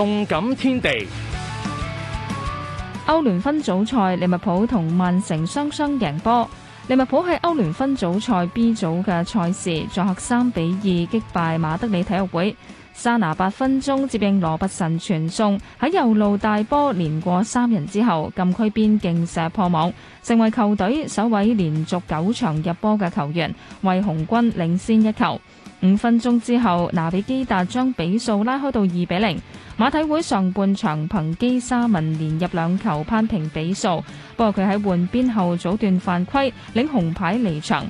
動感天地，歐聯分組賽，利物浦同曼城雙雙贏波。利物浦喺歐聯分組賽 B 組嘅賽事，作客三比二擊敗馬德里體育會。沙拿八分鐘接應羅伯神傳送，喺右路大波連過三人之後，禁區邊勁射破網，成為球隊首位連續九場入波嘅球員，為紅軍領先一球。五分鐘之後，拿比基達將比數拉開到二比零。馬體會上半場憑基沙文連入兩球扳平比數，不過佢喺換邊後早段犯規，領紅牌離場。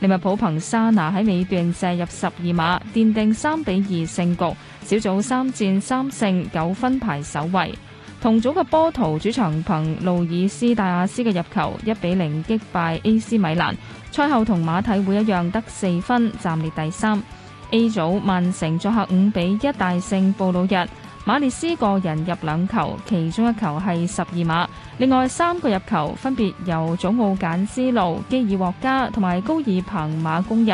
利物浦憑沙拿喺尾段射入十二碼，奠定三比二勝局。小組三戰三勝，九分排首位。同組嘅波圖主場憑路爾斯戴亞斯嘅入球一比零擊敗 A.C. 米蘭，賽後同馬體會一樣得四分，暫列第三。A 組曼城作客五比一大勝布魯日，馬列斯個人入兩球，其中一球係十二碼，另外三個入球分別由祖奧簡斯路、基爾獲加同埋高爾彭馬攻入。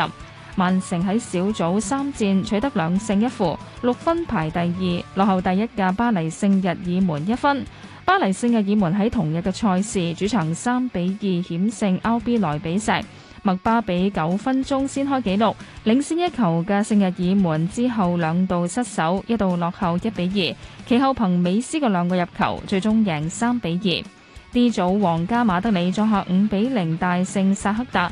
曼城喺小組三戰取得兩勝一負，六分排第二，落後第一嘅巴黎聖日耳門一分。巴黎聖日耳門喺同日嘅賽事主場三比二險勝 RB 萊比錫，麥巴比九分鐘先開紀錄，領先一球嘅聖日耳門之後兩度失守，一度落後一比二，其後憑美斯嘅兩個入球，最終贏三比二。D 組皇家馬德里作客五比零大勝薩克達。